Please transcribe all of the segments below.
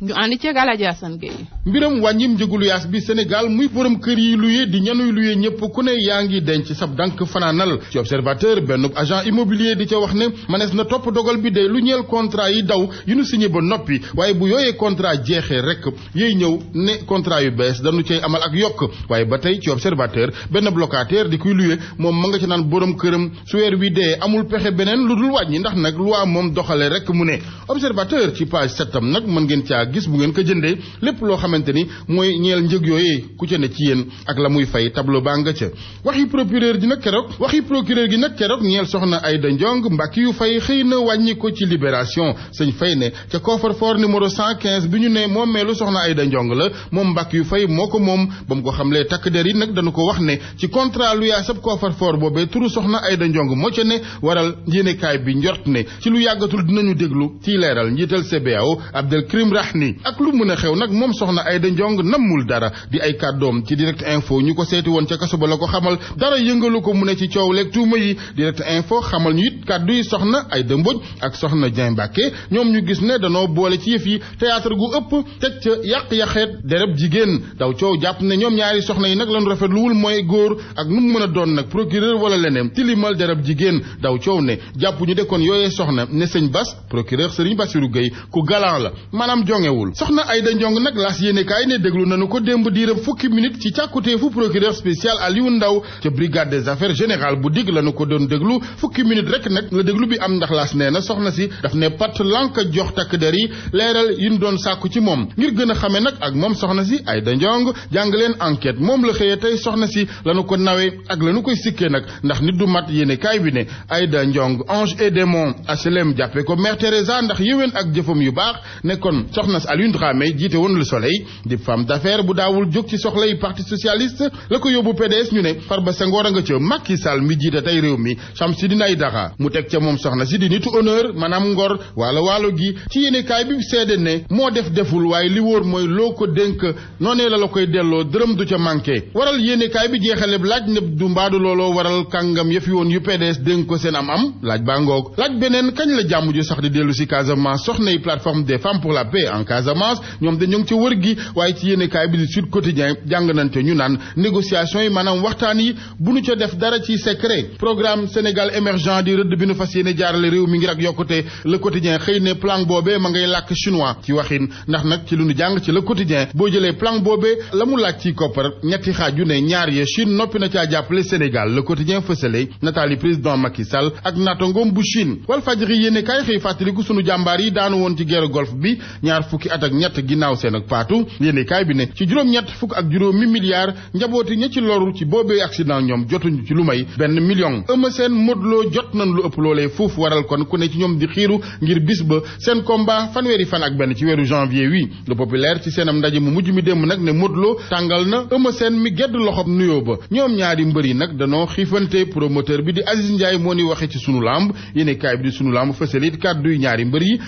ñu ànd ceeg Alaaji Asan Gey mbiram wàññim njëgu luyaas bi Sénégal muy borom kër yi luye di ñanuy luye ñëpp ku ne yaa ngi denc sab dànk fanaanal ci observateur benn agent immobilier di ca wax ne manees na topp dogal bi de lu ñeel contrat yi daw yi nu signé ba noppi waaye bu yooyee contrat jeexee rek yooyu ñëw ne contrat yu bees dañu cay amal ak yokk waaye ba tey ci observateur benn locataire di kuy luye moom ma nga ci naan borom këram su weer wi dee amul pexe beneen lu dul wàññi ndax nag loi moom doxale rek mu ne observateur ci page septam nag mën ngeen caa gis bu ngeen ko jëndee lépp loo xamante ni mooy ñeel njëg yooyee ku ca ne ci yéen ak la muy fay tableau baa nga ca waxi procureur ji nag keroog waxi procureur gi nag keroog ñeel soxna Aïda Ndiong mbàkki yu fay xëy na wàññi ci libération sëñ fay ne ca coffre-fort numéro 115 bi ñu ne moom meelu soxna Aïda Ndiong la moom mbàkki yu fay moo ko moom ba mu ko xamlee takk der yi nag dana ko wax ne ci contrat lu yaa sab coffre-fort boobee turu soxna Aïda Ndiong moo ne waral yéenekaay bi njort ne ci lu yàggatul dinañu déglu ciy leeral njiital CBAO Abdelkrim Rahne nii ak lu mën a xew nag moom soxna Aida Ndiong nammul dara di ay kàddoom ci direct info ñu ko seeti woon ca kaso ba la ko xamal dara yëngalu ko mu ne ci coow leeg tuuma yi direct info xamal ñu it kàddu yi soxna Aida Mbodj ak soxna Dieng Mbacké ñoom ñu gis ne danoo boole ci yëf yi théâtre gu ëpp teg ca yàq-yàqeet dereb jigéen daw coow jàpp ne ñoom ñaari soxna yi nag lañu rafetluwul mooy góor ak nu mu mën a doon nag procureur wala leneen tilimal dereb jigéen daw coow ne jàpp ñu de soxna ne sëñ Bass procureur sëriñ Bassirou Gueye ku galant la maanaam jonge ñewul soxna Ayda Njong nag laas yéenekaay ne déglu nañu ko démb diirab fukki minute ci càkkuteefu procureur spécial Aliou Ndaw ca brigade des affaires générales bu dig lañu ko doon déglu fukki minute rek nag la déglu bi am ndax laas nee na soxna si daf ne pat lank jox takk der yi leeral yi doon sàkku ci moom ngir gën a xamee nag ak moom soxna si Ayda Njong jàng leen enquête moom la xëyee tey soxna si lañu ko nawee ak lañu koy sikkee nag ndax nit du mat yéenekaay bi ne Ayda Njong ange et démon HLM jàppe ko mère Teresa ndax ak jëfam yu baax soxna Alioune Dramé jiite woon Le Soleil di femme d'affaires bu daawul jóg ci soxlay parti socialiste la ko yóbbu PDS ñu ne Farba Senghor a nga ca Macky Sall mi jiite tey réew mi Chamsidine Aïdara mu teg ca moom soxna si di nitu honneur maanaam ngor waalo waalo gi ci yéenekaay bi seede ne moo def deful waaye li wóor mooy loo ko dénk noonee la la koy delloo dërëm du ca manqué waral yéenekaay bi jeexale laaj ne du mbaadu looloo waral kàngam yëf yi woon yu PDS dénk ko seen am am laaj baa beneen kañ jàmm sax di dellu si Casamance soxna yi plateforme des femmes pour la Casamance ñoom dañu ngi ci wër gi waaye ci yéene kaay bi di Sud Quotidien jàng nañ ca ñu naan négociation yi maanaam waxtaan yi bu nu ca def dara ci secret programme Sénégal émergent di rëdd bi nu fas yéene jaarale réew mi ngir ak yokkute le quotidien xëy ne plan boobee ma ngay làkk chinois ci waxin ndax nag ci lu nu jàng ci le quotidien boo jëlee plan boobee la mu laaj ci koppar ñetti xaaju ne ñaar ya Chine noppi na ca jàppale Sénégal le quotidien fësale nataali président Macky Sall ak naatangoom bu Chine Walfadjri yéene kaay xëy fàttaliku sunu yi daanu woon ci fukki at ak ñett ginnaaw seen ak faatu yéene kaay bi ne ci juróom-ñett fukk ak juróomi milliards njabooti ña ci loru ci boobee accident ñoom jotuñu ci lu may benn million ëma seen modloo jot nañ lu ëpp loolee foofu waral kon ku ne ci ñoom di xiiru ngir bis ba seen combat fanweeri fan ak benn ci weeru janvier wi le populaire ci seenam ndaje mu mujj mi démb nag ne modloo tàngal na ëma seen mi gedd loxob nuyoo ba ñoom ñaari mbër yi nag danoo xiifante promoteur bi di Aziz Ndiaye moo ni waxe ci sunu lamb yéene kaay bi di sunu lamb fësal it kàdduy ñaari mbër yi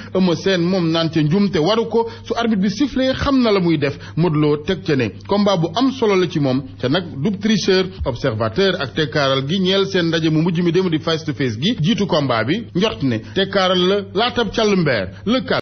moom naan ca njumte waru ko su arbitre bi sifflé xam na la muy def Modou teg ca ne combat bu am solo la ci moom te nag du tricheur observateur ak tekkaaral gi ñeel seen ndaje mu mujj mi dem di face to face gi jiitu combat bi njort ne tekkaaral la laatab càll mbeer